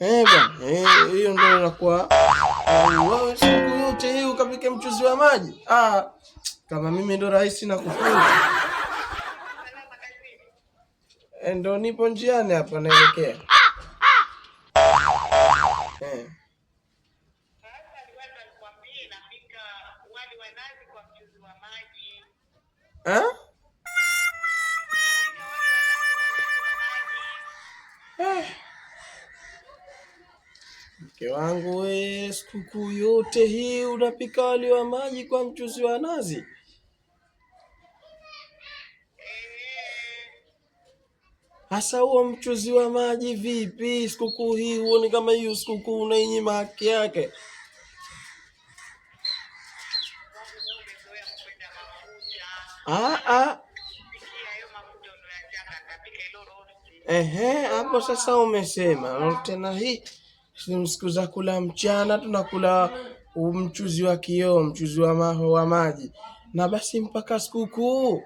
Eh bwana, eh, hiyo ndio inakuwa wewe siku yote hii ukapike mchuzi wa maji. Ah, kama mimi ndo rahisi na kufunga. Eh, ndo nipo njiani hapa naelekea. Eh. Mke wangu we, sikukuu yote hii unapika wali wa maji kwa mchuzi wa nazi? Hasa huo mchuzi wa maji vipi? Sikukuu hii huoni kama hiyo sikukuu unainyima haki yake? Ah, ah. Ehe, hapo sasa umesema tena hii siku za kula mchana tunakula mchuzi wa kioo, mchuzi wa, maho wa maji na basi mpaka sikukuu.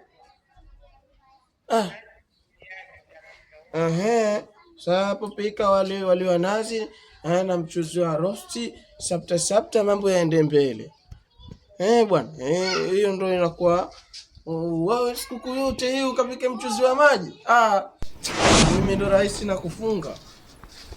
Ah. Ehe, sasa hapo pika wali wali wa nazi eh, na mchuzi wa rosti, sapta sapta, mambo yaende mbele. Eh bwana, eh, hiyo ndio inakuwa uh, wawe sikukuu yote hii ukapike mchuzi wa maji. Ah. Mimi ndo rahisi na kufunga.